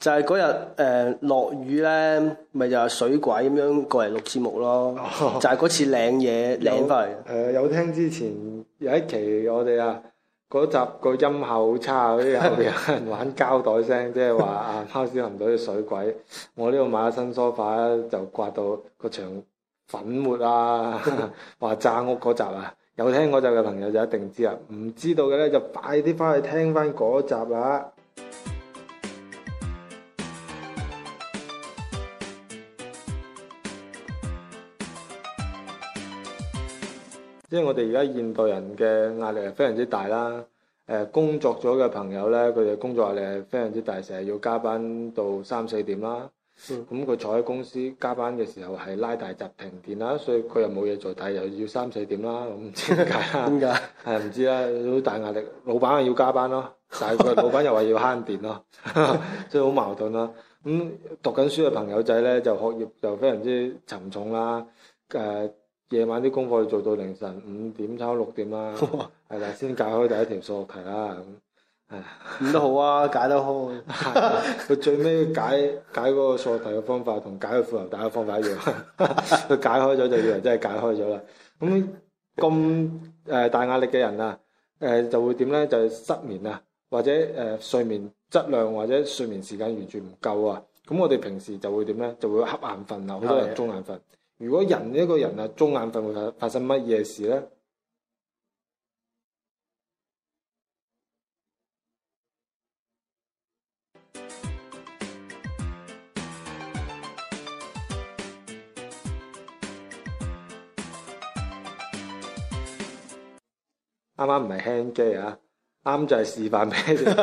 就係嗰日誒落雨咧，咪就係、是、水鬼咁樣過嚟錄節目咯。哦、就係嗰次領嘢領翻嚟。誒有、呃、有聽之前有一期我哋啊嗰集個音效好差，啲後面有人玩膠袋聲，即係話啊，拍攝唔到啲水鬼。我呢度買咗新梳化就刮到個牆粉末啊。話 炸屋嗰集啊，有聽嗰集嘅朋友就一定知啦。唔知道嘅咧，就快啲翻去聽翻嗰集啦。即係我哋而家現代人嘅壓力係非常之大啦，誒、呃、工作咗嘅朋友咧，佢哋嘅工作壓力係非常之大，成日要加班到三四點啦。咁佢、嗯嗯、坐喺公司加班嘅時候係拉大閘停電啦，所以佢又冇嘢做，但係又要三四點啦，咁我唔知點解，係唔知啦，好大壓力。老闆係要加班咯，但係佢老闆又話要慳電咯，即係好矛盾啦。咁、嗯、讀緊書嘅朋友仔咧，就學業就非常之沉重啦，誒、呃。夜晚啲功課要做到凌晨五點差六點啦，係啦， 先解開第一條數學題啦。咁， 咁都好啊，解得開。佢最尾解解嗰個數學題嘅方法，同解個褲頭帶嘅方法一樣。佢 解開咗就以為真係解開咗啦。咁咁誒大壓力嘅人啊，誒就會點咧？就失眠啊，或者誒睡眠質量或者睡眠時間完全唔夠啊。咁我哋平時就會點咧？就會瞌眼瞓啊，好多人中眼瞓。 如果人一個人啊，恰眼瞓會發生乜嘢事咧？啱啱唔係輕機啊！啱就係示範俾你哋，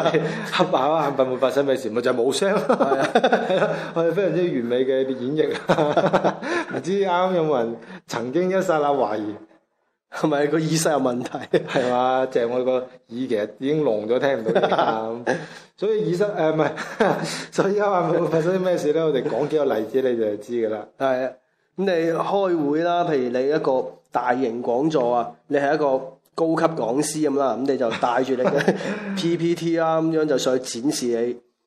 恰眼 瞓啊，會發生咩事，咪就係冇聲咯，係咯，我哋非常之完美嘅演繹。 唔知啱有冇人曾經一剎那懷疑，係咪個耳塞有問題啊？係嘛，即係我個耳其實已經聾咗，聽唔到嘅 啊。所以耳塞誒唔係，所以恰眼瞓會發生咩事咧？我哋講幾個例子你就知㗎啦。係啊，咁你開會啦，譬如你一個大型講座啊，你係一個。高級講師咁啦，咁你就帶住你嘅 PPT 啦，咁樣就上去展示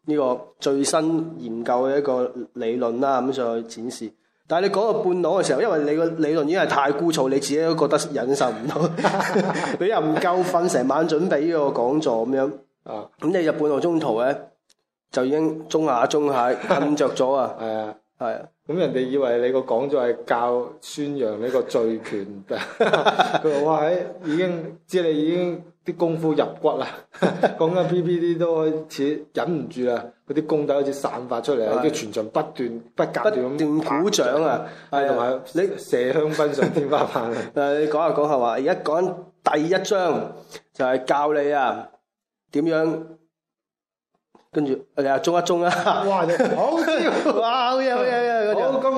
你呢個最新研究嘅一個理論啦，咁上去展示。但係你講到半腦嘅時候，因為你個理論已經係太枯燥，你自己都覺得忍受唔到， 你又唔夠瞓成晚準備呢個講座咁樣。啊，咁你入半個鐘頭咧，就已經中下中下瞓着咗啊！係啊，係啊 的。咁人哋以為你個講座係教宣揚呢個醉拳， 佢話哇已經知你已經啲功夫入骨啦，講 緊 PPT 都開始忍唔住啦，嗰啲功底開始散發出嚟啊！啲的全場不斷不間斷咁鼓掌啊，係同埋你射香噴上天花板但係誒，你講下講下話，而家講 第一章就係、是、教你啊點樣，跟住你啊，啊中一中啊哇！你 哇，好笑啊！好嘢，好嘢！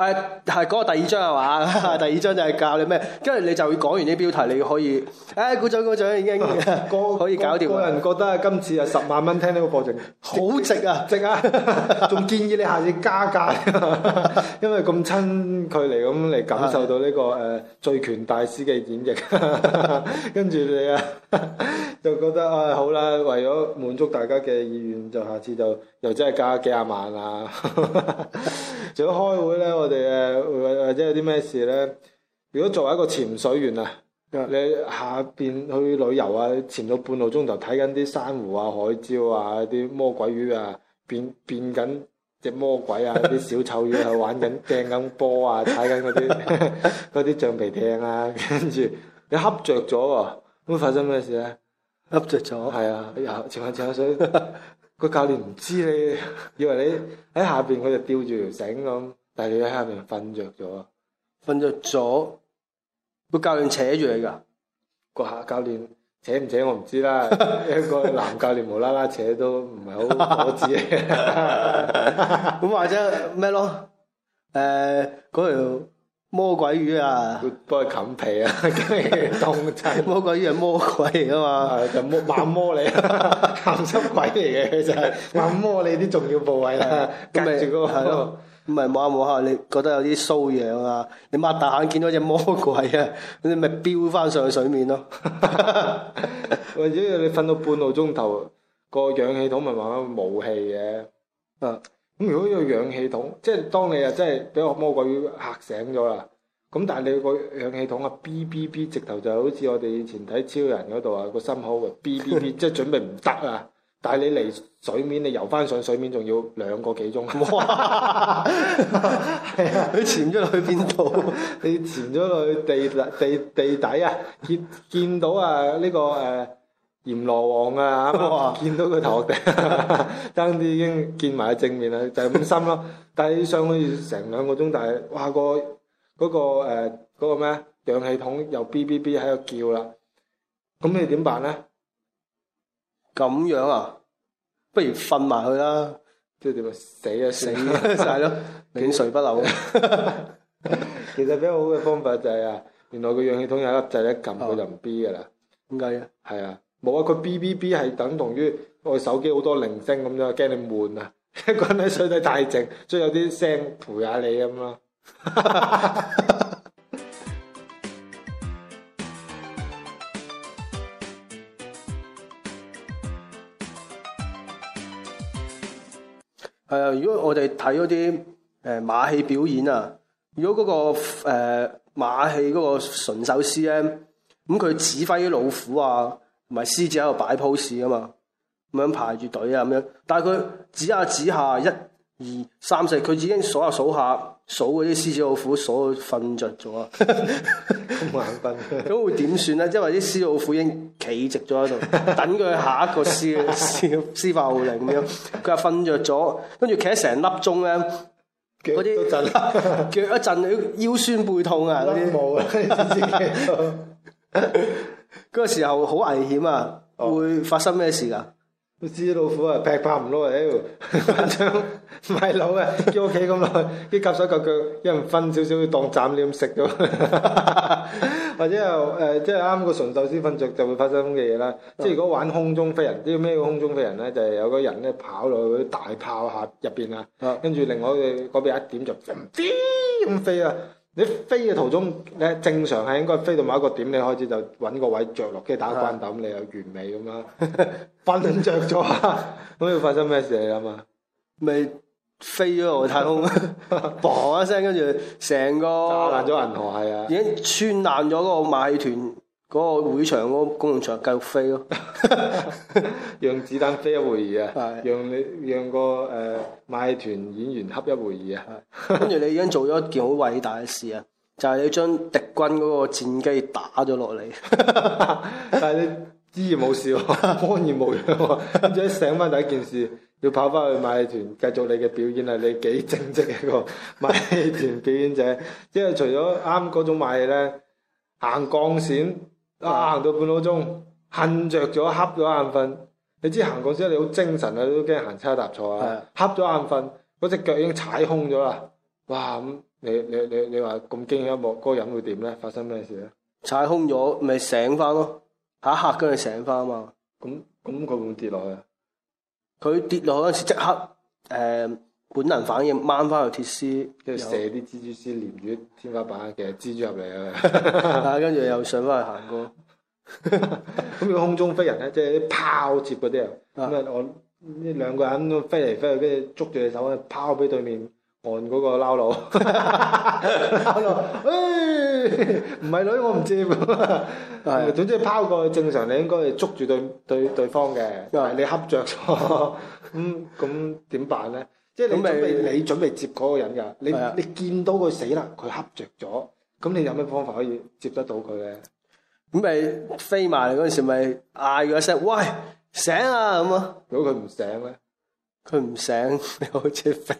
誒係嗰第二張係嘛？第二張就係教你咩？跟住你就會講完啲標題，你可以誒，鼓掌鼓掌已經可以搞掂、啊。個人覺得今次 啊，十萬蚊聽呢個課程好值啊，值啊！仲建議你下次加價，因為咁親距離咁嚟感受到呢、這個誒醉、 啊、拳大師嘅演繹。跟 住你啊， 就覺得啊、哎、好啦，為咗滿足大家嘅意願，就下次就又真係加幾廿萬啊！ 除咗開會咧，我。我哋或者有啲咩事咧？如果作為一個潛水員啊，Yeah. 你下邊去旅遊啊，潛到半路中途睇緊啲珊瑚啊、海蕉啊、啲魔鬼魚啊，變變緊隻魔鬼啊、啲、啊、小丑魚啊，玩緊掟緊波啊、踩緊嗰啲啲橡皮艇啊，跟住你恰着咗喎，咁發生咩事咧？恰着咗，係啊，又潛下潛下水，個 教練唔知你，以為你喺下邊，佢就吊住條繩咁。但係你喺下面瞓着咗，瞓着咗，個教練扯住你噶，個下教練扯唔扯我唔知啦。 一個男教練無啦啦扯都唔係好妥止。咁或者咩咯？誒、呃，嗰條、嗯、魔鬼魚啊，幫佢冚被啊，驚凍仔。魔鬼魚係魔鬼嚟噶嘛？就猛摸你，鹹濕鬼嚟嘅，就係猛摸你啲重要部位啦、啊，夾住嗰個。咁咪摸下摸下，你覺得有啲騷癢啊？你擘大眼見到隻魔鬼啊，你咪飆翻上去水面咯。或者你瞓到半個鐘頭，個氧氣筒咪慢慢冇氣嘅。啊、嗯，咁如果有氧氣筒，即係當你啊，真係俾個魔鬼嚇醒咗啦。咁但係你個氧氣筒啊，B B B，直頭就好似我哋以前睇超人嗰度啊，個心口啊，B B B，即係準備唔得啊。但係你嚟水面，你游翻上水面仲要兩個幾鐘，佢潛咗落去邊度？潛 你潛咗落去地地地底啊？見見到啊呢、這個誒閻羅王啊，哇 見到佢頭頂，等 你已經見埋正面啦，就咁、是、深咯。但係相當於成兩個鐘，但係哇個嗰、呃那個誒個咩氧氣筒又嗶嗶嗶喺度叫啦，咁你點辦咧？咁樣啊，不如瞓埋佢啦，即係點啊？死啊死晒咯，永垂 不朽？ 其實比較好嘅方法就係、是、啊，原來個氧氣筒有粒掣，一撳佢就唔 B 噶啦。點解、哦、 啊？係啊，冇啊，佢 B B B 係等同於我手機好多鈴聲咁樣，驚你悶啊，一個人喺水底太靜，所以有啲聲陪下你咁咯。係啊，如果我哋睇嗰啲誒馬戲表演啊，如果嗰、那個誒、呃、馬戲嗰個馴獸師咧，咁佢指揮啲老虎啊，同埋獅子喺度擺 pose 啊嘛，咁樣排住隊啊咁樣，但係佢指下指下一、二三四，佢已經數下數下，數嗰啲獅子老虎，數到瞓着咗。咁 會點算咧？即係話啲獅子老虎已經企直咗喺度，等佢下一個獅獅獅化奧力咁樣。佢話瞓着咗，跟住企喺成粒鐘咧，嗰啲 腳一震，腰酸背痛啊嗰啲。冇啦，嗰 時候好危險啊！ 會發生咩事㗎？知老虎啊劈炮唔撈，妖、哎，買張買樓啊，叫屋企咁耐，啲夾 手夾腳一人分少少當斬料咁食咗， 或者又誒、呃，即係啱個純手撕瞓着，就會發生咁嘅嘢啦。是即係如果玩空中飛人，啲咩空中飛人咧，就係、是、有個人咧跑落去啲大炮下入邊啊，是跟住另外佢嗰邊一點就飛咁飛啊！你飛嘅途中咧，正常係應該飛到某一個點，你開始就揾個位着落，跟住打個關鬥咁，你又完美咁啦。瞓着咗啊！咁要發生咩事啊嘛？咪飛咗外太空，嘣 一聲，跟住成個炸爛咗銀河系啊，已經穿爛咗嗰個馬戲團。嗰個會場嗰個公共場繼續飛咯，讓子彈飛一會兒啊，讓是的 你讓個誒馬戲、呃、團演員恰一會兒啊，跟住的 你已經做咗一件好偉大嘅事啊，就係、是、你將敵軍嗰個戰機打咗落嚟， 但係你依然冇事喎，安然無恙喎，跟住一醒翻第一件事，要跑翻去馬戲團繼續你嘅表演啊！你幾正直嘅個馬戲團表演者，即係 除咗啱嗰種馬戲咧，行鋼線。嗯啊行到半個鐘，瞓着咗，瞌咗眼瞓。你知行過之後你好精神啊，都驚行差踏錯是啊。瞌咗眼瞓，嗰隻腳已經踩空咗啦。哇！咁、嗯、你你你你話咁驚險一幕，嗰、嗰個人會點咧？發生咩事咧？踩空咗，咪醒翻咯。下一刻跟住醒翻啊嘛。咁咁佢會唔會跌落去啊？佢跌落嗰陣時即刻誒。呃本能反應掹翻個鐵絲，跟住射啲蜘蛛絲黏住天花板，嘅蜘蛛入嚟啊！跟住又上翻去行過，咁叫 空中飛人咧，即係啲拋接嗰啲啊！咁啊，我呢兩個人飛嚟飛去，跟住捉住隻手啊，拋俾對面按嗰個撈佬，撈 佬，哎，唔係女我唔知。係的總之拋過去，正常你應該係捉住對對對，對方嘅，又係你恰着咗， 咁咁點辦咧？即係你準備你準備接嗰個人噶，你的你見到佢死啦，佢恰着咗，咁你有咩方法可以接得到佢咧？咁咪飛埋嚟嗰陣時咪嗌佢一聲喂醒啊咁啊！如果佢唔醒咧，佢唔醒又開始飛，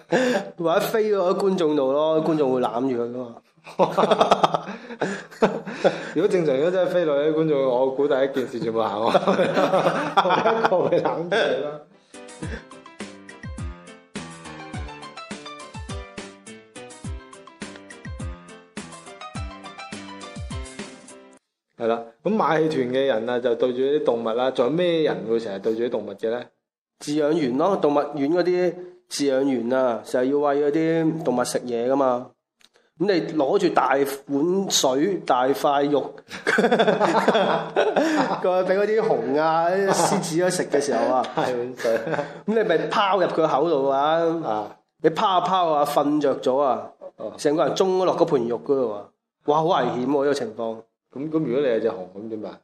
或者飛咗喺觀眾度咯，觀眾會攬住佢噶嘛。 如果正常如果真係飛落去觀眾，我估第一件事就冇行， 我攬住佢啦。 係啦，咁馬戲團嘅人啊，就對住啲動物啦、啊。仲有咩人會成日對住啲動物嘅咧？飼養員咯、啊，動物園嗰啲飼養員啊，成日要喂嗰啲動物食嘢噶嘛。咁你攞住大碗水、大塊肉，佢俾嗰啲熊啊、啲獅子啊食嘅時候啊，係碗水。咁 你咪拋入佢口度啊？你拋一拋下，瞓着咗啊！成個人中落個盤肉嗰度啊！哇，好危險喎、啊！呢個情況。 咁咁，如果你係隻熊咁點辦？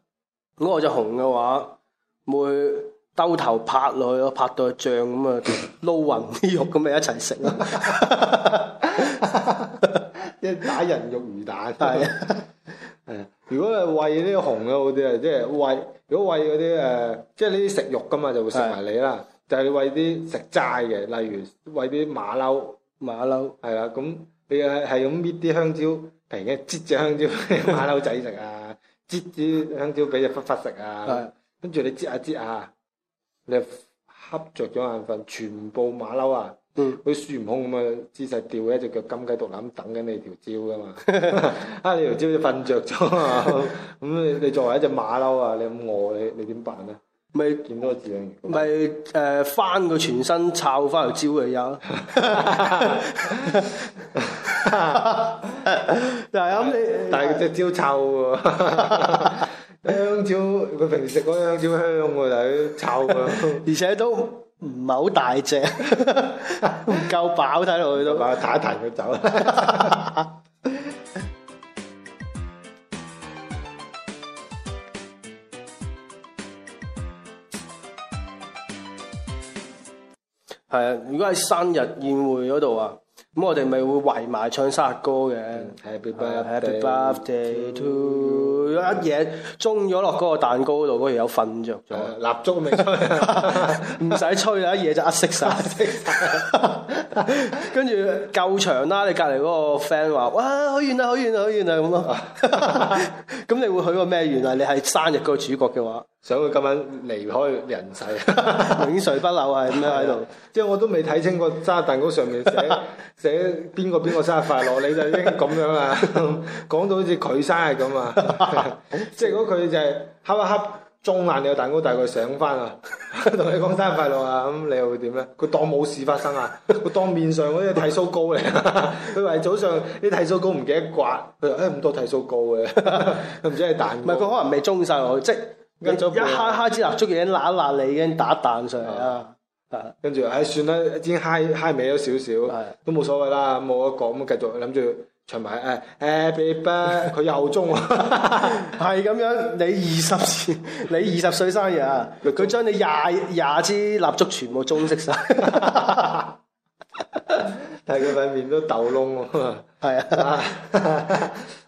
如果我隻熊嘅話，會兜頭拍落去拍到個脹咁啊，撈勻啲肉咁咪一齊食，即係打人肉魚蛋。係啊，係啊。如果係餵呢個熊嘅，好啲啊，即係餵。如果餵嗰啲誒，即係呢啲食肉噶嘛，就會食埋你啦。就係餵啲食齋嘅，例如餵啲馬騮、馬騮係啦。咁你係係用搣啲香蕉。平嘅，擠隻香蕉馬騮仔食啊，擠啲香蕉俾隻狒狒食啊，跟住你擠下擠下，你恰着咗眼瞓，全部馬騮啊，好似孫悟空咁嘅姿勢吊喺隻腳金雞獨立等緊你條蕉噶嘛，啊你條蕉你瞓着咗啊，咁你你作為一隻馬騮啊，你咁餓你你點辦啊？咪見多飼養員咪誒翻個全身摷翻條蕉佢有。就係咁，你 但係隻蕉臭喎， 香蕉佢平時食嗰啲香蕉香喎，但係佢臭㗎。 而且都唔係好大隻， 唔夠飽睇落去都。一彈一彈佢走。係啊，如果喺生日宴會嗰度啊。咁我哋咪會圍埋唱生日歌嘅。Happy birthday to 一嘢舂咗落嗰個蛋糕度，嗰啲有瞓着咗，蠟燭都未吹，唔使吹啦，一嘢就一色晒。跟住夠長啦，你隔籬嗰個 friend 話：，哇，好遠啊，好遠啊，好遠啊咁咯。咁 你會許個咩願啊？原來你係生日嗰個主角嘅話。想佢今晚離開人世，永垂不朽啊！咁樣喺度， 即係我都未睇清個生日蛋糕上面寫寫邊個邊個生日快樂，你就已經咁樣啦、啊。講到好似佢生日咁啊， 即係如果佢就係恰一恰撞爛你個蛋糕，大概醒翻啊，同你講生日快樂啊，咁你又會點咧？佢當冇事發生啊，佢當面上嗰啲剃鬚膏嚟佢話早上啲剃鬚膏唔記得刮，佢話誒咁多剃鬚膏嘅，佢 唔 知係蛋唔係佢可能未中晒落去，即一刻刻流一嗨嗨支蠟燭嘢，嗱嗱你已經打彈上嚟啦，跟住唉算啦，一啲嗨嗨尾咗少少，都冇所謂啦，冇得講，咁繼續諗住唱埋，誒誒，baby，佢又中，係 咁樣，你二十歲， 你二十歲生日啊，佢將你廿廿支蠟燭全部中式晒， 但係佢塊面都豆窿喎，係啊，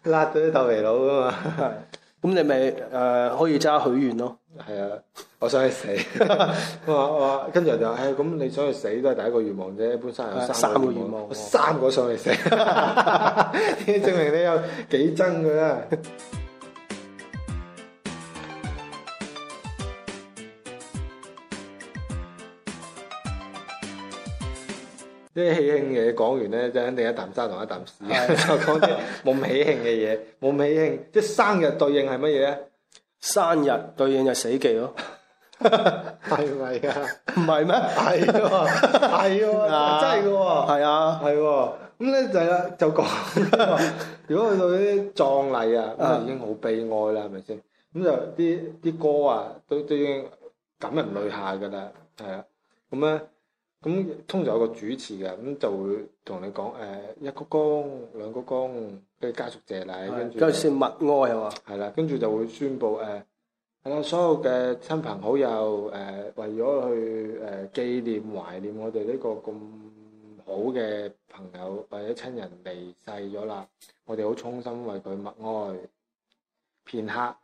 辣到啲豆皮佬噶嘛。咁你咪誒可以揸許願咯？係啊，我想去死。 我我跟住就話誒，咁、哎、你想去死都係第一個願望啫。一本身有三個願望，三個想去死， 證明你有幾憎佢啊。 即係喜慶嘅嘢，講完咧，就肯定一啖生同一啖屎。講啲冇喜慶嘅嘢，冇喜慶。即係生日對應係乜嘢咧？生日對應就死期咯。係咪啊？唔係咩？係喎，係喎，真係噶喎。係啊，係喎。咁咧就啦，就講。如果去到啲葬禮啊，咁啊已經好悲哀啦，係咪先？咁就啲啲歌啊，都都已經感人淚下噶啦，係啊。咁咧。咁通常有個主持嘅，咁就會同你講誒、呃、一鞠躬、兩鞠躬，跟住家屬謝禮，的跟住表示默哀係嘛？係啦，跟住就會宣佈誒，係、呃、啦，所有嘅親朋好友誒、呃，為咗去誒、呃、紀念懷念我哋呢個咁好嘅朋友或者親人離世咗啦，我哋好衷心為佢默哀片刻，誒、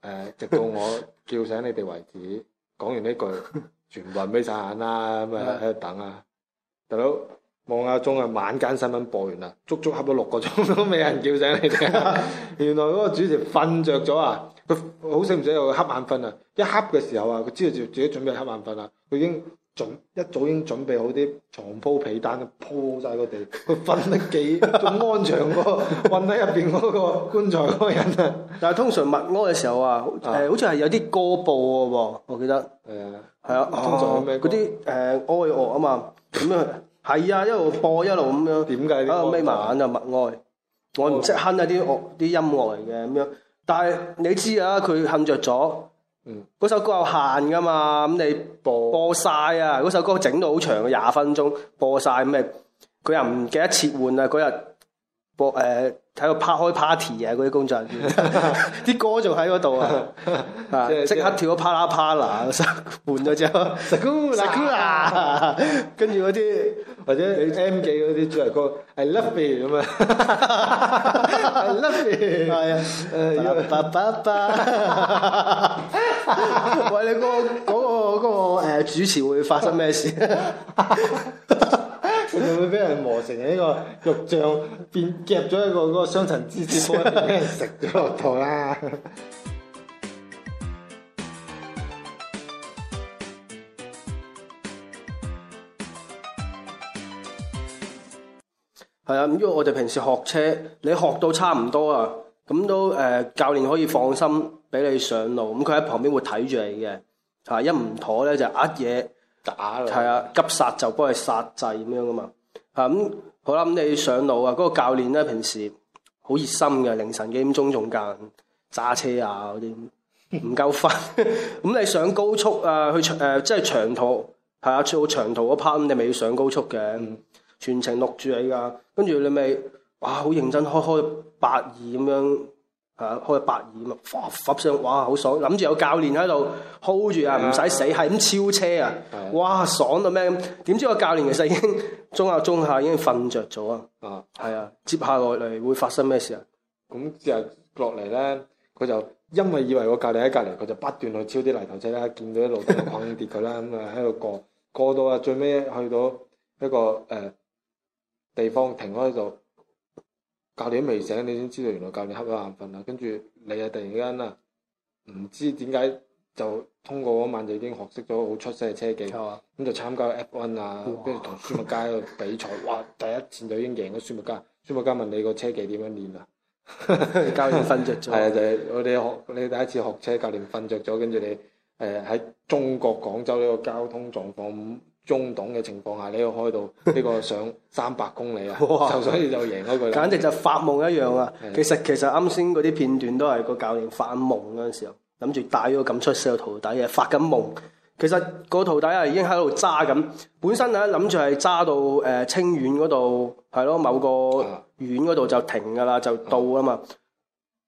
呃，直到我叫醒你哋為止， 講完呢句。全部人俾晒眼啦，咁啊喺度等啊，大佬望下鐘啊，晚間新聞播完啦，足足恰咗六個鐘都冇人叫醒你哋。哈哈 原來嗰個主持瞓着咗啊，佢好死唔死又恰眼瞓啊，一恰嘅時候啊，佢知道自自己準備恰眼瞓啦，佢已經。早一早已經準備好啲床鋪、被單，鋪好晒個地，佢瞓得幾咁安詳個，瞓喺入邊嗰個棺材嗰個人 啊！但係通常默哀嘅時候啊，誒，好似係有啲歌播嘅喎，我記得，係、嗯、啊，係啊，通常嗰啲誒哀樂啊嘛，咁樣係 啊，一路播一路咁樣，點解？啊，眯埋眼就默哀，我唔識哼一啲樂啲音樂嚟嘅，咁樣，但係你知啊，佢瞓着咗。嗰、嗯、首歌有限㗎嘛，咁你播播晒啊！嗰首歌整到好長，廿分鐘播晒，咁咪佢又唔記得切換啊！嗰日播誒。呃.睇到拍開 party 啊！嗰啲工作人員，啲 歌仲喺嗰度啊，啊、 即係，即刻跳咗 pala pala，換咗隻，食跟住嗰啲或者你 M 記嗰啲主題歌，係 I love you 咁啊，係 I love you，係啊，誒，Bye bye bye 喂，你嗰、嗰個、嗰個、嗰個誒、呃、主持會發生咩事？ 又會俾人磨成呢個肉醬，變夾咗一個嗰個雙層芝士包俾人食咗落肚啦。係啊 下 因為我哋平時學車，你學到差唔多啊，咁都誒教練可以放心俾你上路，咁佢喺旁邊會睇住你嘅，嚇一唔妥咧就呃嘢。打係啊，急剎就幫你剎掣咁樣噶嘛。嚇、嗯、咁好啦，咁你上路啊，嗰、那個教練咧平時好熱心嘅，凌晨幾點鐘仲間揸車啊嗰啲，唔夠瞓。咁 你上高速啊，去長誒、呃、即係長途，係啊做長途嗰 part，你咪要上高速嘅，嗯、全程錄住你噶。跟住你咪、就是、哇，好認真開開八二咁樣。啊，開百二啊嘛，哇，發聲哇，好爽！諗住有教練喺度 hold 住啊，唔使死，係咁超車啊，啊啊哇，爽到咩咁？點知個教練其實已經中下中下已經瞓着咗啊！啊，係啊，接、嗯、下落嚟會發生咩事啊？咁就落嚟咧，佢就因為以為個教練喺隔離，佢就不斷去超啲泥頭車啦，見到一路跌落跌佢啦，咁啊喺度過過到啊最尾去到一個誒、呃、地方停喺度。教練未醒，你先知道原來教練瞌咗眼瞓啦。跟住你啊，突然間啊，唔知點解就通過嗰晚就已經學識咗好出色嘅車技。咁、嗯、就參加 F1 啊哇，跟住同舒麥加去比賽，哇！第一次就已經贏咗舒麥加。舒麥加問你個車技點樣練啊？ 教練瞓着咗。係啊， 就係、是、我哋學你第一次學車，教練瞓着咗，跟住你誒喺、呃、中國廣州呢個交通狀況。中等嘅情況下，你要開到呢個上三百公里啊！ 就所以就贏咗佢，簡直就發夢一樣啊！其實其實啱先嗰啲片段都係個教練發夢嗰陣時候，諗住帶咗個咁出色嘅徒弟啊，發緊夢。其實個徒弟啊已經喺度揸緊，本身啊諗住係揸到誒、呃、清遠嗰度，係咯某個縣嗰度就停㗎啦，嗯、就到啊嘛。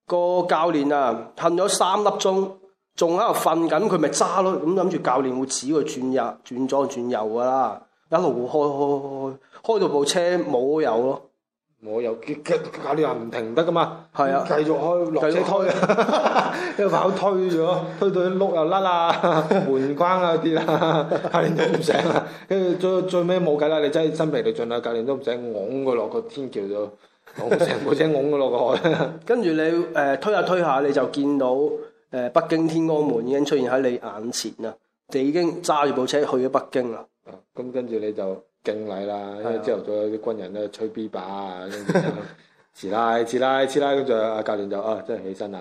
個、嗯嗯、教練啊，瞓咗三粒鐘。仲喺度瞓緊，佢咪揸咯，咁諗住教練會指佢轉右、轉左、轉右噶啦，一路會開開開開，開到部車冇油咯，冇油，教練話唔停得噶嘛，係啊，繼續開落車推，一開 跑推咗，推到啲碌又甩啦， 門關啊啲啦，教練都唔醒啦，跟住最最尾冇計啦，你真係身疲力盡啦，教練都唔使㧬佢落個天橋度，㧬成部車㧬佢落個海， 跟住你誒推下推下，你就見到。誒，北京天安門已經出現喺你眼前啦，你已經揸住部車去咗北京啦。咁、啊、跟住你就敬禮啦，啊、因為之後再有啲軍人咧吹 B 把啊，遲啦遲啦遲啦，跟住阿教練就啊，真係起身啦！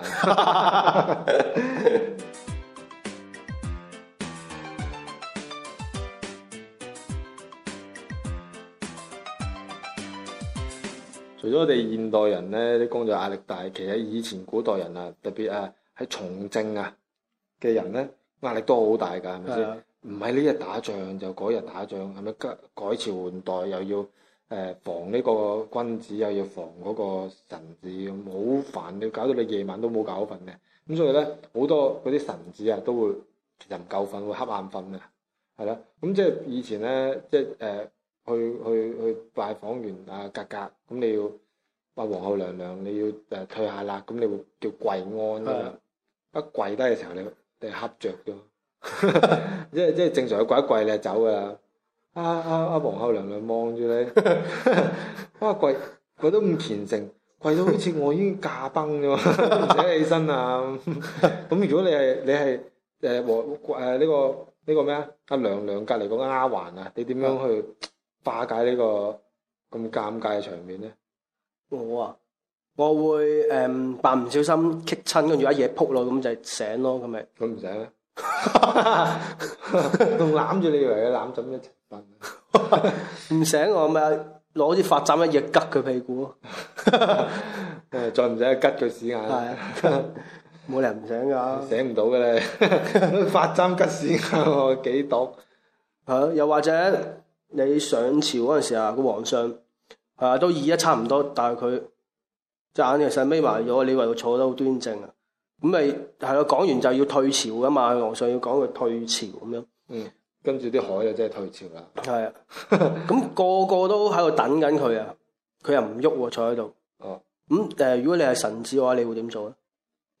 除咗我哋現代人咧，啲工作壓力大，其實以前古代人啊，特別啊。喺從政啊嘅人咧，壓力都好大㗎，係咪先？唔係呢日打仗就嗰日打仗，係咪？改改改朝換代又要誒、呃、防呢個君子，又要防嗰個臣子，咁好煩，你搞到你夜晚都冇覺瞓嘅。咁所以咧，好多嗰啲臣子啊，都會唔夠瞓，會瞌眼瞓啊，係啦。咁即係以前咧，即係誒、呃、去去去，去拜訪完啊格格，咁你要話皇后娘娘，你要誒退下啦，咁你會叫跪安啊。吧一跪低嘅時候，你你恰着咗，即係即係正常去跪一跪，你就走噶啦。啊啊啊！皇后娘娘望住你，哇跪跪都咁虔誠，跪到好似我已經駕崩咗，唔 使起身啊！咁 如果你係你係誒皇誒呢個呢個咩啊？阿、啊這個這個啊、娘娘隔籬個丫鬟啊，你點樣去化解呢個咁尷尬嘅場面咧？我啊～我會誒，扮唔小心棘親，跟住一嘢扑落咁就醒咯，咁咪？咁唔醒咩？仲攬住你以為佢攬枕一齊瞓？唔醒我咪攞支髮針一嘢吉佢屁股咯。誒，再唔使啊，吉佢屎眼。係，冇理由唔醒噶，醒唔到嘅你。髮針吉屎眼，幾毒？吓，又或者你上朝嗰陣時啊，個皇上係啊都二一差唔多，但係佢。隻眼其實眯埋咗，嗯、你話佢坐得好端正啊？咁咪係咯，講完就要退潮噶嘛，皇上要講佢退潮咁樣。嗯，跟住啲海就真係退潮啦。係啊的，咁 個個都喺度等緊佢啊，佢又唔喐坐喺度。哦，咁誒、嗯，如果你係神子嘅話，你會點做咧？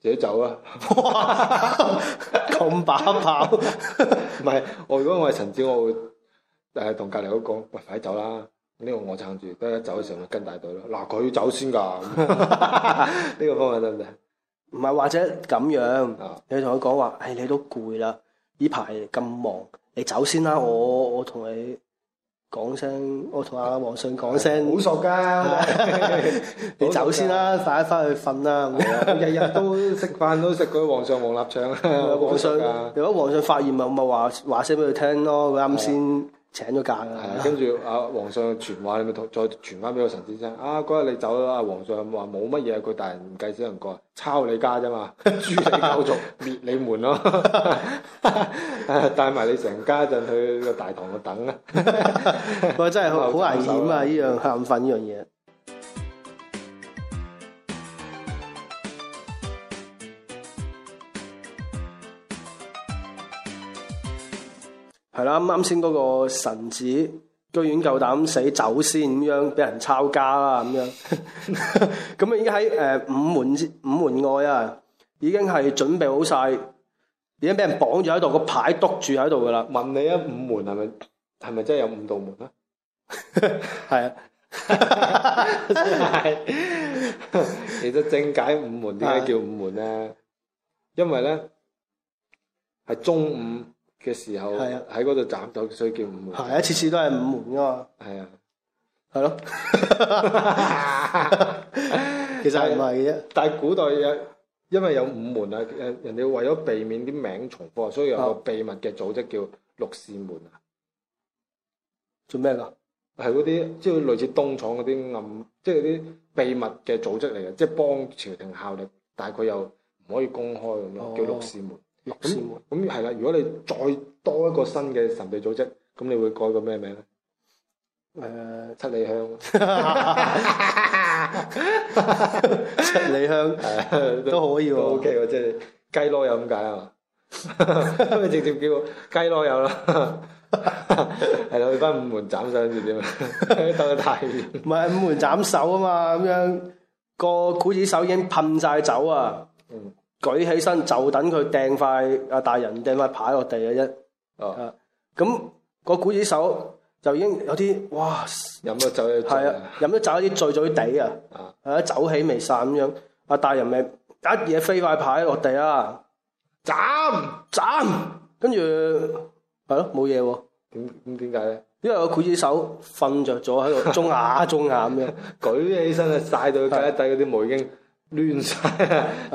自己走啊！咁把炮！唔 係，我如果我係神子，我會誒同隔籬嗰個喂,喂快走啦。呢個我撐住，得一走嘅時候咪跟大隊咯。嗱，佢走先噶，呢、這個方法得唔得？唔係，或者咁樣，你同佢講話，唉、哎，你都攰啦，呢排咁忙，你先走先啦、嗯。我我同你講聲，我同阿黃信講聲，好索噶。 你走先啦，大家翻去瞓啦。日日都食 飯都食佢皇上黃臘腸，皇上、嗯。如果皇上發現咪咪話話聲俾佢聽咯，佢啱先。 請咗假啦，係啊，跟住啊皇上傳話，你咪同再傳翻俾個陳先生。啊嗰日你走啦，皇上話冇乜嘢，佢大人唔計小人過，抄你家啫嘛，豬你狗族滅你門咯， 帶埋你成家一陣去個大堂度等啊！哇 很，真係好好危險啊！呢樣恰瞓呢樣嘢。係啦，啱先嗰個神子居然夠膽死走先咁樣，俾人抄家啦咁樣。咁啊，而家喺誒五門五門外啊，已經係準備好晒，已經俾人綁住喺度，個牌督住喺度噶啦。問你啊，五門係咪係咪真係有五道門 是啊？係啊。其實，其實正解五門點解叫五門咧？是啊、因為咧係中午。嘅時候，係啊，喺嗰度斬到，所以叫五門。係啊，次次都係五門噶嘛。係、嗯、啊，係咯。其實係唔係嘅，但係古代嘅，因為有五門啊，誒人哋為咗避免啲名重複，所以有個秘密嘅組織叫六扇門啊。做咩噶？係嗰啲即係類似東廠嗰啲暗，即係啲秘密嘅組織嚟嘅，即、就、係、是、幫朝廷效力，但係佢又唔可以公開咁樣，叫六扇門。哦。六仙喎，咁係啦。如果你再多一個新嘅神秘組織，咁你會改個咩名咧？誒、呃，七里香 七里香、嗯、都可以喎，O K 喎，都即係雞咯又咁解啊嘛，咪 直接叫雞咯又咯，係 咯，去翻五門斬手嗰時點啊？得得太遠。唔 係雪五門斬手啊嘛，咁樣個古仔手已經噴晒酒啊。 嗯。舉起身就等佢掟塊阿大人掟塊牌落地嘅啫，啊咁個劊子手就已經有啲哇，飲咗酒有，係啊飲咗酒有啲醉醉地啊，係啊酒氣未散咁樣，阿大人咪一嘢飛塊牌落地啦，斬斬跟住係咯冇嘢喎，點點解咧？因為個劊子手瞓着咗喺度中下中下咁樣，舉起身啊晒到佢腳底嗰啲毛已經。亂曬，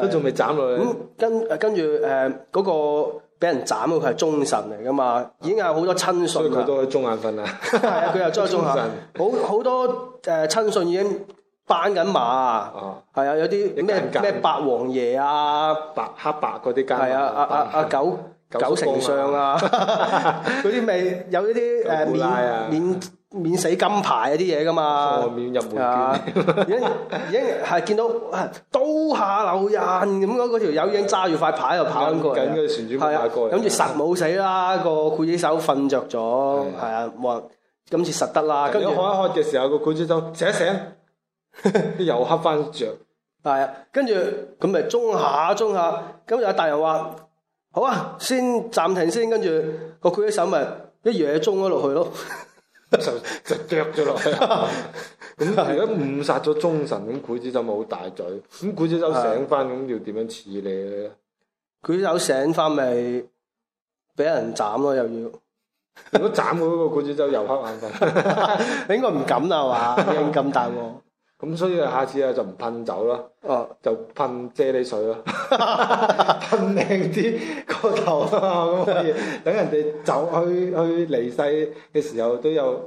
都仲未斬落去。咁跟跟住誒，嗰個俾人斬佢係忠臣嚟噶嘛，已經係好多親信。所以佢都可以恰眼瞓啊！係啊，佢又再恰眼。好好多誒親信已經扳緊馬啊！係啊，有啲咩咩八王爺啊，白黑白嗰啲間。係啊，阿阿阿九九成相啊，嗰啲咪有一啲誒面面。免死金牌是啊啲嘢噶嘛，啊，已經已經係見到刀下留人咁，嗰條友已經揸住塊牌就跑過過緊過嚟，緊嘅旋轉跟住實冇死啦，個劊子手瞓着咗，係啊，冇今次實得啦，跟住開一開嘅時候個劊子手醒，醒一醒，又黑翻着。係啊，跟住咁咪中下中下，咁日大人話，好啊，先暫停先，跟住個劊子手咪一樣嘢中咗落去咯。 就就捉咗落去。咁如果誤殺咗忠臣，咁劊子手咪好大罪？咁劊子手醒翻，咁要點樣處理咧？劊子手醒翻咪俾人斬咯，又要如果斬佢，個劊子手又 恰眼瞓，應該唔敢啦，哇！驚咁大鑊。 咁所以下次啊就唔噴酒啦，啊就噴啫喱水咯， 噴靚啲個頭啊咁可以，等 人哋走去去離世嘅時候都有誒、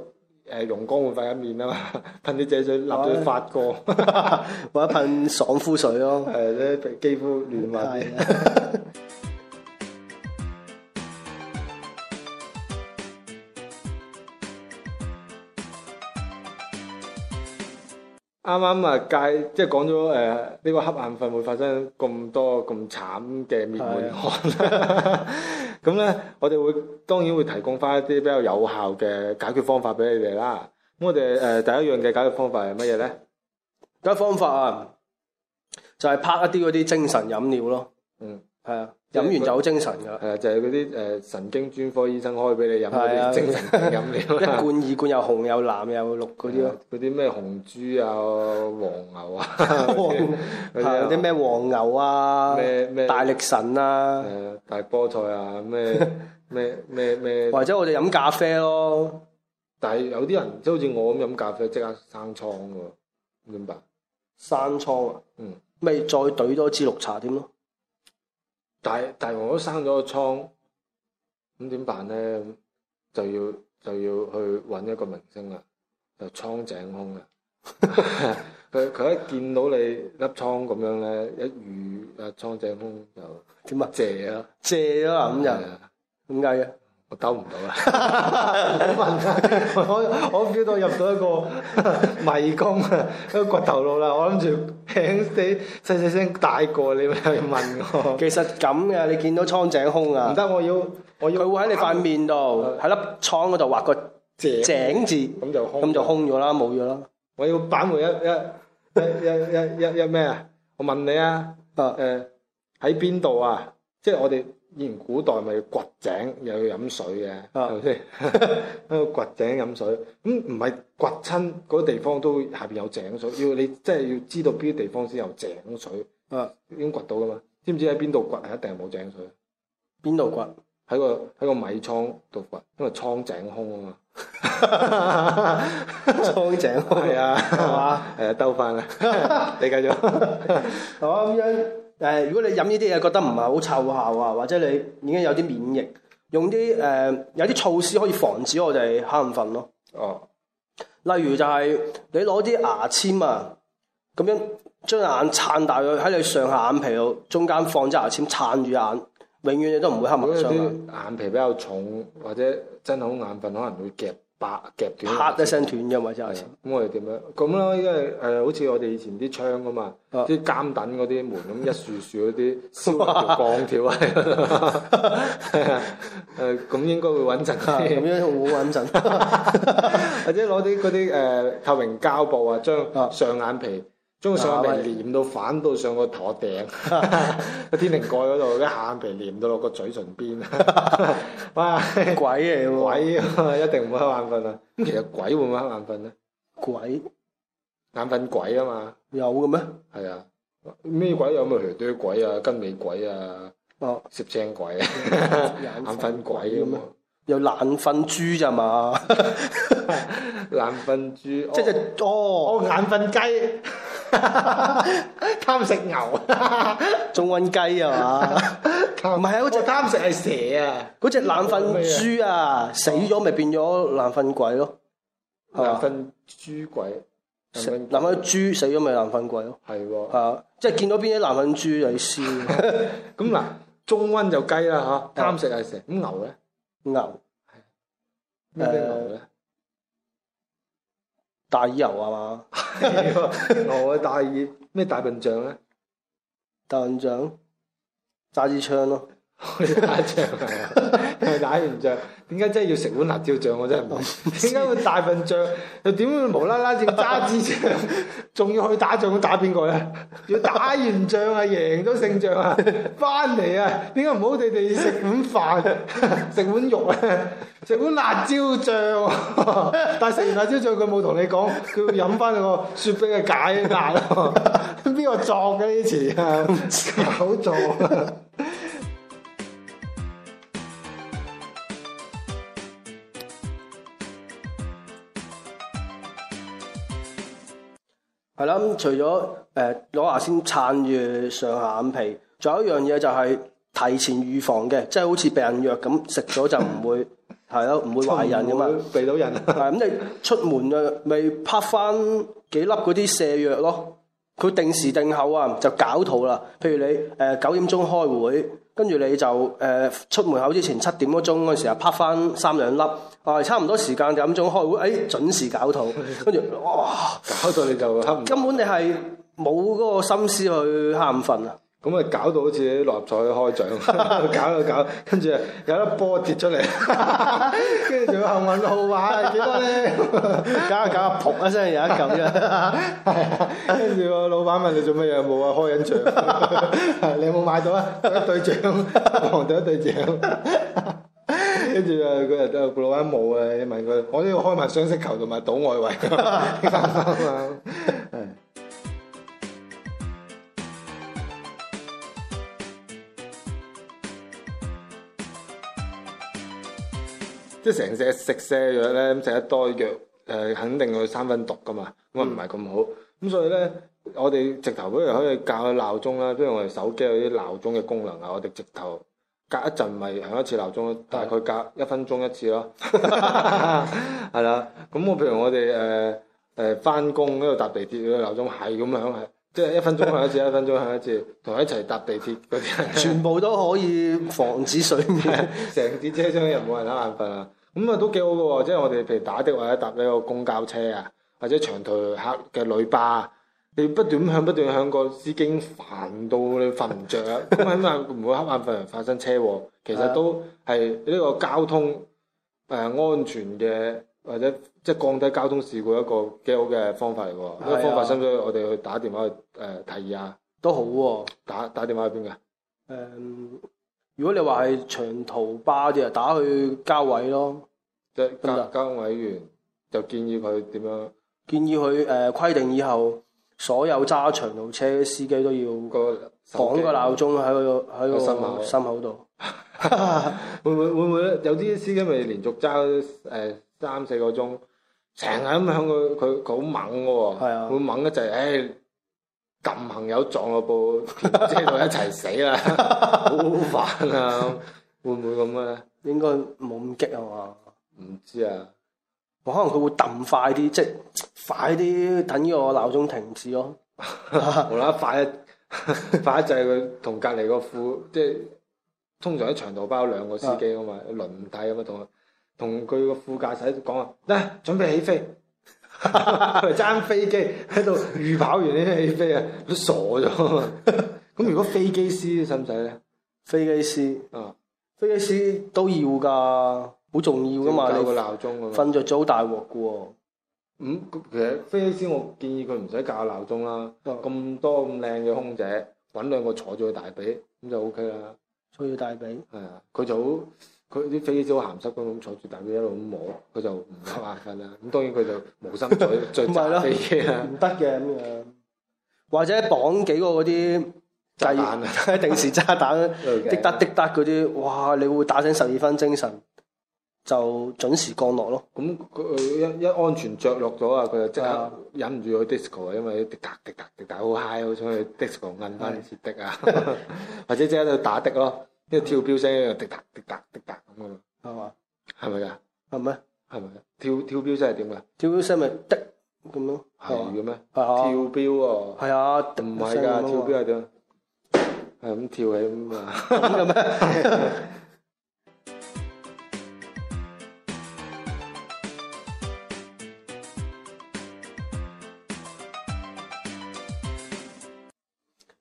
呃、容光煥發一面啊嘛，噴啲啫喱水立到發過，哎、呀 或者噴爽膚水咯，係咧，皮肌膚嫩滑呀 啱啱啊介即係講咗誒呢個恰眼瞓會發生咁多咁慘嘅滅門案，咁咧我哋會當然會提供翻一啲比較有效嘅解決方法俾你哋啦。咁我哋誒第一樣嘅解決方法係乜嘢咧？第一方法啊，就係拍一啲嗰啲精神飲料咯。嗯，係啊。飲完就好精神㗎。係啊， 就係嗰啲誒神經專科醫生開俾你飲嗰啲精神嘅飲料，一罐二罐又紅又藍又綠嗰啲，嗰啲咩紅豬啊、黃， 黃牛啊，嗰啲咩黃牛啊，咩咩大力神啊，大菠菜啊，咩咩咩咩， 或者我哋飲咖啡咯。 但係有啲人即係好似我咁飲咖啡即刻生瘡㗎喎，明白？生瘡瘋啊？嗯。咪再懟多支綠茶添咯。但大王都生咗個倉，咁點辦咧？就要就要去揾一個明星啦，就是、蒼井空啦。佢 佢 一見到你粒倉咁樣咧，一遇啊蒼井空就點啊借啊借啊！」咁就點解嘅？我兜唔到啦！我我 feel 到入咗一個迷宮，一個骨頭路啦！我諗住輕啲細細聲帶過你去問我。其實咁嘅，你見到蒼井空啊？唔得，我要我要佢會喺你塊面度喺粒倉嗰度畫個井字，咁就咁就空咗啦，冇咗啦。我要板回一一一一一一咩啊？我問你啊，誒喺邊度啊？即係我哋。以前古代咪要掘井又要飲水嘅，係咪先？喺度掘井飲水，咁唔係掘親嗰地方都下邊有井水，要你真係要知道邊啲地方先有井水。啊，已經掘到噶嘛？知唔知喺邊度掘係一定係冇井水？邊度掘？喺個喺個米倉度掘，因為倉井空啊嘛。倉井空係啊，係啊，兜翻啊。你繼續。好，咁樣。誒，如果你飲呢啲嘢覺得唔係好臭效啊，或者你已經有啲免疫，用啲誒、呃、有啲措施可以防止我哋黑眼瞓咯。哦，例如就係你攞啲牙籤啊，咁樣將眼撐大佢，喺你上下眼皮度中間放隻牙籤撐住眼，永遠你都唔會恰埋上眼，眼皮比較重或者真係好眼瞓可能會夾。拍夾斷，啪一聲斷嘅嘛，就咁我哋點樣咁咯？因為誒，好似我哋以前啲窗咁嘛，啲監等嗰啲門咁，一豎豎嗰啲條鋼條啊，誒咁應該會穩陣啲，咁樣好穩陣，或者攞啲嗰啲誒透明膠布啊，將上眼皮，中上嚟，皮黏到反到上個頭頂，個天靈蓋嗰度，一下眼皮黏到落個嘴唇邊，哇！鬼嚟喎！鬼一定唔好瞌眼瞓啊！咁其實鬼會唔會瞌眼瞓咧？鬼眼瞓鬼啊嘛！有嘅咩？係啊，咩鬼有咪蛇啲鬼啊、跟尾鬼啊、攝青鬼啊、眼瞓鬼咁啊？有眼瞓豬咋嘛？眼瞓豬即係哦，眼瞓雞。貪食牛，中瘟雞啊嘛，唔係啊，嗰隻貪食係蛇啊，嗰隻爛瞓豬啊，死咗咪變咗爛瞓鬼咯，爛瞓豬鬼，爛瞓豬死咗咪爛瞓鬼咯，係喎，誒，即係見到邊啲爛瞓豬就要燒，咁嗱，中瘟就雞啦吓，貪食係蛇，咁牛咧，牛，咩嘢叫牛咧？大耳油係嘛？大耳油、我、 哦、大耳咩？大笨象咧？大笨象揸支槍咯。去 打仗係、啊、打完仗點解真係要食碗辣椒醬？我真係唔明。點解佢大份醬又點會無啦啦淨揸支槍，仲要去打仗？咁打邊個咧？要打完仗啊，贏咗勝仗啊，翻嚟啊，點解唔好地地食碗飯、啊，食碗肉咧、啊，食碗辣椒醬、啊？但係食完辣椒醬，佢冇同你講，佢會飲翻個雪碧嘅解辣咯。邊個作嘅呢啲詞啊？唔、啊、知好作係啦，除咗誒攞牙線撐住上下眼皮，仲有一樣嘢就係提前預防嘅，即係好似避孕藥咁食咗就唔會係咯，唔 會懷孕㗎嘛。避到人，係咁你出門啊，咪啪返幾粒嗰啲瀉藥咯。佢定時定候啊，就搞肚啦。譬如你誒九點鐘開會。跟住你就誒出門口之前七點多鐘嗰陣時候，拍翻三兩粒。啊，差唔多時間就點鐘開會，誒、哎、準時搞肚。跟住哇，搞到你就根本你係冇嗰個心思去下午瞓啊！咁啊搞到好似啲六合彩開獎， 搞又搞，跟住有一波跌出嚟，跟住仲有幸運號碼幾多咧？搞下搞下，砰一聲有一球啫。跟住個老闆問你做乜嘢？冇啊，開緊獎。你有冇買到啊？一對獎，望到一對獎。跟住啊，佢啊老闆冇啊，你問佢：我都要開埋雙色球同埋賭外圍。 即係成隻食瀉藥咧，咁食得多藥，誒肯定會三分毒噶嘛，咁啊唔係咁好。咁所以咧，我哋直頭，比如可以較下鬧鐘啦，不如我哋手機有啲鬧鐘嘅功能啊，我哋直頭隔一陣咪響一次鬧鐘，大概隔一分鐘一次咯。係啦，咁我譬如我哋誒誒翻工嗰度搭地鐵嘅鬧鐘係咁樣係。即係一分鐘響一次， 一分鐘響一次，同佢一齊搭地鐵嗰啲人，全部都可以防止睡眠，成 啲 車廂又冇人瞌眼瞓啊！咁啊、 嗯、都幾好嘅喎，即係我哋譬如打的或者搭呢個公交車啊，或者長途客嘅旅巴，你不斷咁響，不斷響個司機煩到你瞓唔着。啊、 嗯！咁起碼唔會瞌眼瞓而發生車禍，其實都係呢個交通誒、呃、安全嘅。或者即係、就是、降低交通事故一個幾好嘅方法嚟喎，呢個方法需唔需要我哋去打電話去誒、呃、提議啊？都好喎、啊，打打電話去邊㗎？誒、嗯，如果你話係長途巴啲嘅，打去交委咯即。即係交委員就建議佢點樣？建議佢誒規定以後所有揸長途車嘅司機都要個放個鬧鐘喺個喺個心口心口度 會唔會會唔會咧？有啲司機咪連續揸誒？三四個鐘，成日咁響佢，佢佢好猛嘅喎，會猛一陣，唉，撳朋友撞落部車度一齊死啦，好煩啊！會唔會咁咧？應該冇咁激啊嘛？唔知啊，可能佢會撳快啲，即係快啲等於我鬧鐘停止咯、啊， 好啦快一快一陣，佢同隔離個副，即係通常喺長途包兩個司機啊嘛，的輪唔替咁啊同。同佢個副駕駛講啊，嚟準備起飛，佢 爭飛機喺度預跑完呢啲起飛啊，佢傻咗。咁 如果飛機師使唔使咧？飛機師，要要機師嗯，飛機師都要噶，好、嗯、重要噶嘛。個鬧鐘你個鬧鐘瞓著咗好大鑊噶喎。咁、嗯、其實飛機師我建議佢唔使校鬧鐘啦。咁多咁靚嘅空姐，搵兩個坐住佢大髀，咁就 OK 啦。坐住大髀係啊，佢、嗯、就好。佢啲飛機好鹹濕，咁坐住但佢一路咁摸，佢就唔開 心 啦。咁當然佢就冇心再再揸飛機啦。唔得嘅咁樣，或者綁幾個嗰啲炸彈、啊、 定時炸彈，滴答滴答嗰啲，哇！你會打醒十二分精神，就準時降落咯。咁佢一一安全着落咗啊，佢就即刻忍唔住去 disco，因為滴滴答滴答好嗨，好想去去 disco 撚翻啲滴啊， 或者即係喺度打的咯。跳錶聲又滴答滴答滴答咁樣，係嘛？係咪噶？係 咩 intoler ant？係 咪樂？跳跳錶聲係點噶？跳錶聲咪滴咁咯。係嘅咩？跳錶喎。係 啊，唔係噶，跳錶係點？係咁跳起咁啊？咁咩？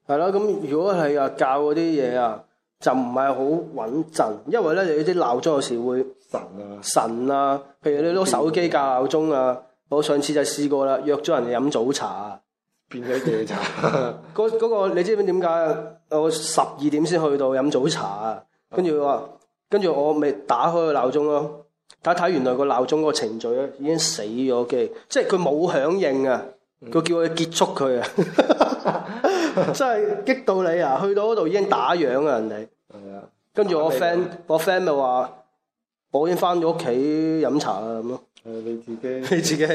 係咯，咁如果係啊教嗰啲嘢啊，就唔係好穩陣，因為咧你啲鬧鐘有時會神啊，神啊！譬如你攞手機架鬧鐘啊，我上次就試過啦，約咗人哋飲早茶，變咗夜茶。嗰、 嗰個你知唔知點解？我十二點先去到飲早茶，跟住話，跟住 我咪打開個鬧鐘咯，睇睇原來個鬧鐘嗰個程序咧已經死咗機，即係佢冇響應啊！佢叫我結束佢啊！ 真係激到你啊！去到嗰度已經打烊啊！人哋係啊，跟住我 friend，我 friend 咪話我已經翻咗屋企飲茶啊，咁咯。係你自己，你自己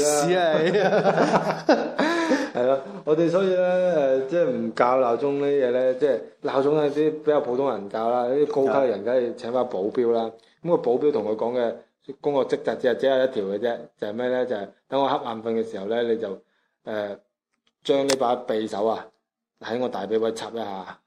屎啊，啊，係啊。我哋所以咧誒，即係唔教鬧鐘呢嘢咧，即係鬧鐘咧啲比較普通人教啦，啲高級人梗係請翻保鏢啦。咁個保鏢同佢講嘅工作職責只只有一條嘅啫，就係咩咧？就係等我瞌眼瞓嘅時候咧，你就誒將呢把匕首啊！喺我大髀位插一下，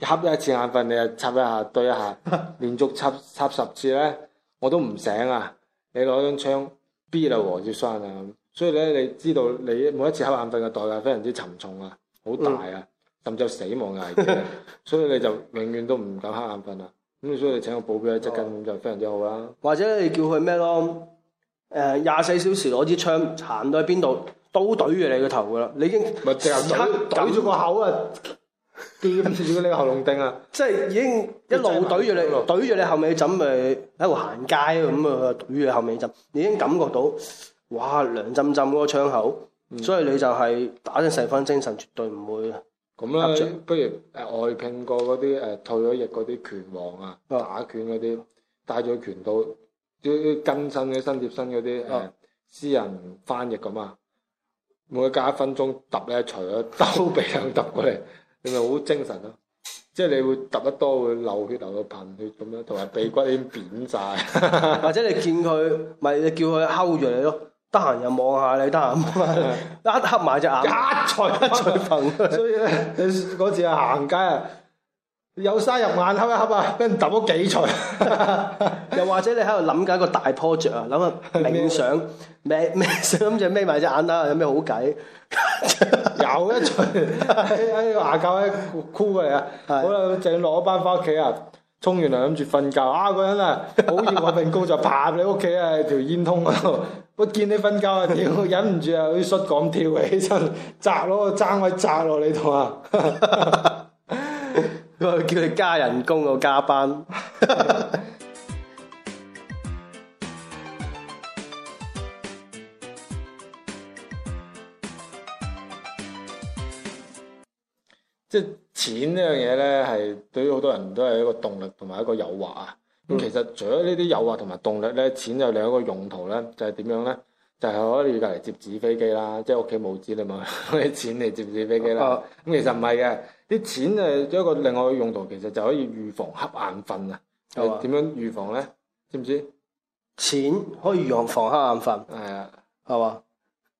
恰咗 一次眼瞓，你就插一下，對一下， 連續插插十次咧，我都唔醒啊！你攞張槍，B 啦喎，要刪啦，所以咧，你知道你每一次恰眼瞓嘅代價非常之沉重啊，好大啊，嗯、甚至死亡危險， 所以你就永遠都唔敢恰眼瞓啦。咁所以你請個保鏢咧，一隻更、嗯、就非常之好啦。或者你叫佢咩咯？誒、呃，廿四小時攞支槍，行到去邊度？刀懟住你個頭噶啦，你已經唔係直頭懟住我口啊，跌住你個喉嚨頂啊！即係已經一路懟住你，懟住你後尾枕咪喺度行街咁啊！懟住你後尾枕，你已經感覺到哇涼浸浸嗰個窗口，所以你就係打啲十分精神，絕對唔會咁啦。不如誒外聘過嗰啲誒退咗役嗰啲拳王啊，打拳嗰啲帶咗拳套，啲更新嗰新貼身嗰啲誒私人翻譯咁啊。每隔一，一分鐘揼你一除啊，兜鼻人揼過嚟，你咪好精神咯。即係你會揼得多，會流血流到噴血咁樣，同埋鼻骨已經扁晒。嗯、 或者你見佢咪叫佢睺住你咯。得閒又望下你，得閒一黑埋隻眼，一除一除噴。所以咧，嗰次啊行街啊。有沙入眼，黑一黑啊，俾人揼咗幾錘。 又或者你喺度諗緊一個大 project 啊， 諗啊冥想咩咩想就眯埋隻眼啦，有咩好計？有一錘喺個牙教喺箍過嚟啊！好 è 啦，正落咗班翻屋企啊，沖完涼諗住瞓覺啊，個人啊好熱啊，平高就爬你屋企啊條煙通嗰度，我見你瞓覺啊，點， 忍唔住啊，去摔咁跳起身，砸咯，爭位砸落你度啊！叫佢加人工，我加班。 嗯、即係錢呢樣嘢咧，係對於好多人都係一個動力同埋一個誘惑啊。咁、嗯、其實除咗呢啲誘惑同埋動力咧，錢有另一個用途咧，就係點樣咧？就係可以隔籬折紙飛機啦，即係屋企冇紙你嘛，攞啲錢嚟折紙飛機啦。咁其實唔係嘅，啲錢誒一個另外嘅用途，其實就可以預防瞌眼瞓啊。點吧樣預防咧？知唔知？錢可以預防瞌眼瞓。係啊，係嘛？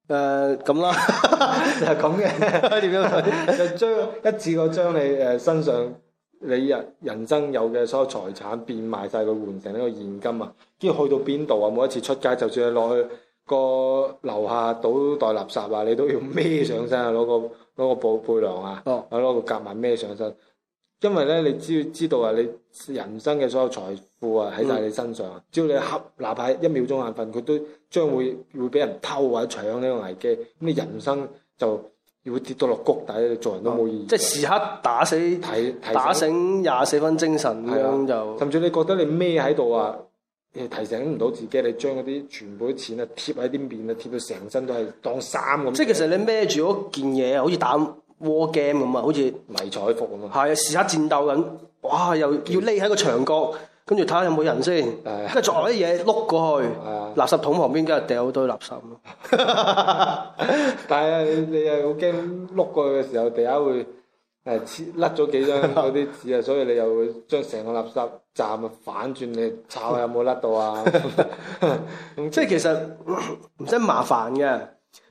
誒，咁啦， 就係咁嘅。點樣？就將一次過將你誒身上你人人生有嘅所有財產變賣晒佢，換成呢個現金啊！跟住去到邊度啊？每一次出街，就算你落去個樓下倒袋垃圾啊，你都要孭上身啊，攞個攞個背背囊啊，啊攞、嗯、個夾埋孭上身。因為咧，你只要知道啊，你人生嘅所有財富啊喺曬你身上、嗯、只要你瞌，哪怕一秒鐘眼瞓，佢都將會會俾人偷或者搶呢個危機。咁你人生就要跌到落谷底，你做人都冇意義。嗯、即係時刻打死打醒廿四分精神咁樣就。甚至你覺得你孭喺度啊！提醒唔到自己，你將嗰啲全部啲錢啊貼喺啲面啊，貼到成身都係當衫咁。即係其實你孭住嗰件嘢好似打 war game 咁啊，好似迷彩服咁啊。係啊，試下戰鬥緊，哇！又要匿喺個牆角，跟住睇下有冇人先。跟住捉嗰啲嘢碌過去，嗯嗯嗯、垃圾桶旁邊梗係掉好多垃圾咯。但係你你係好驚碌過去嘅時候，地下會。誒，甩咗幾張嗰啲紙啊，所以你又會將成個垃圾站啊反轉，你抄有冇甩到啊？ 即係其實唔使麻煩嘅，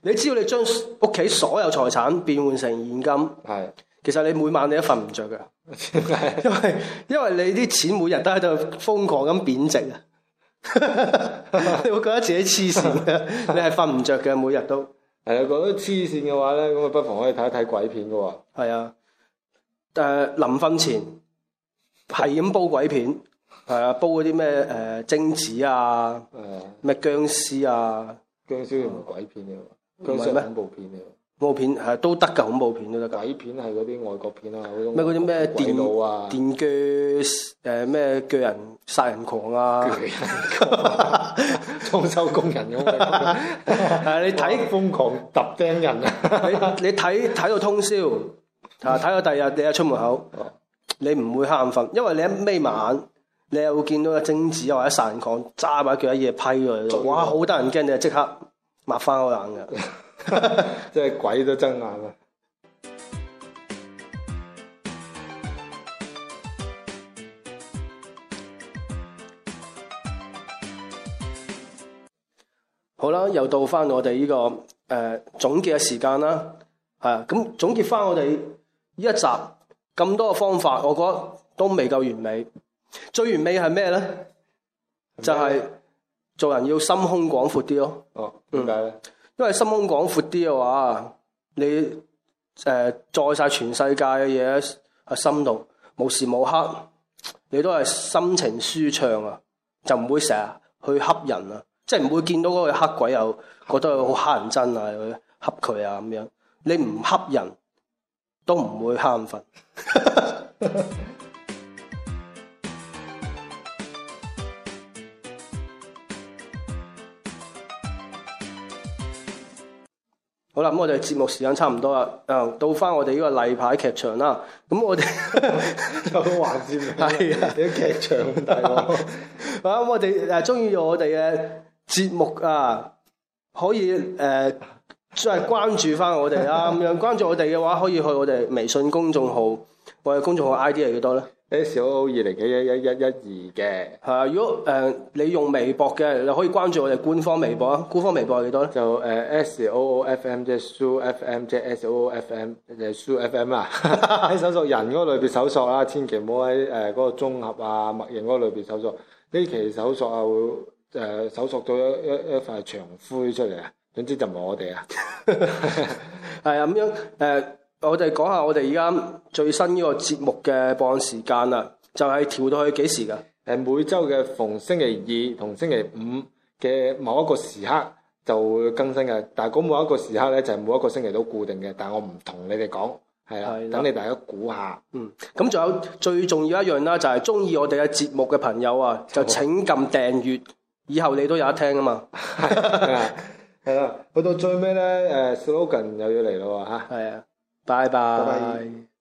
你只要你將屋企所有財產變換成現金，係的其實你每晚你都瞓唔着嘅，因為因為你啲錢每日都喺度瘋狂咁貶值啊！ 你會覺得自己黐線嘅， 你係瞓唔着嘅，每日都係啊！覺得黐線嘅話咧，咁啊不妨可以睇一睇鬼片嘅喎。係啊。誒，臨瞓前係咁煲鬼片，係啊，煲嗰啲咩，誒，貞子啊，咩殭屍啊，殭屍唔係鬼片嚟喎，係咩恐怖片嚟？恐怖片係都得㗎，恐怖片都得㗎。鬼片係嗰啲外國片啊，嗰種咩嗰啲咩電路啊、電鋸誒咩鋸人殺人狂啊、鋸人裝修工人咁啊，係你睇瘋狂揼釘人啊，你睇睇到通宵。啊！睇到第日你一出門口，嗯嗯、你唔會瞌眼瞓，因為你一眯埋眼，你又會見到個貞子或者散狂揸把一腳一嘢批咗，了哇！好得人驚，你就即刻抹翻個眼嘅，即 係 鬼都睜眼啊！好啦，又到翻我哋呢、呢個誒、呃、總結嘅時間啦，係、嗯、咁總結翻我哋。呢一集咁多嘅方法，我覺得都未夠完美。最完美係咩咧？就係做人要心胸廣闊啲咯。哦，點解咧？因為心胸廣闊啲嘅話，你誒、呃、載晒全世界嘅嘢喺心度，無時無刻你都係心情舒暢啊，就唔會成日去恰人啊，即係唔會見到嗰個黑鬼又覺得佢好乞人憎啊，恰佢啊咁樣。你唔恰人。都唔會慳瞓 好啦，咁我哋節目時間差唔多啦，誒、嗯，到返我哋呢個例牌劇場啦，咁我哋 有環節，係啊，啲劇場大，大哥，啊，我哋誒，中意我哋嘅節目啊，可以誒。呃即係關注翻我哋啦，咁樣關注我哋嘅話，可以去我哋微信公眾號。我哋公眾號 ID 係幾多咧？S O O 二零嘅一一一一二嘅。係啊，如果誒你用微博嘅，你可以關注我哋官方微博啊。官方微博係幾多咧？就誒 S O O F M 即係 Su F M 即係 S O F M，即係 Su F M 啊！喺搜索人嗰類別搜索啦，千祈唔好喺誒嗰個綜合啊、默認嗰類別搜索。呢期搜索啊，會誒搜索到一一一塊牆灰出嚟啊！總之就唔係我哋啊、 嗯，係、嗯、啊，咁樣誒，我哋講下我哋而家最新呢個節目嘅播音時間啦，就係、是、調到去幾時噶？誒、嗯，每周嘅逢星期二同星期五嘅某一個時刻就會更新嘅，但係嗰某一個時刻咧就係每一個星期都固定嘅，但係我唔同你哋講，係啦，等是的 你大家估下嗯。嗯，咁、嗯、仲、嗯、有最重要一樣啦，就係中意我哋嘅節目嘅朋友啊，就請撳訂閱，以後你都有得聽啊嘛。係啦，去到最尾咧，誒 slogan 又要嚟咯吓，係啊，拜拜。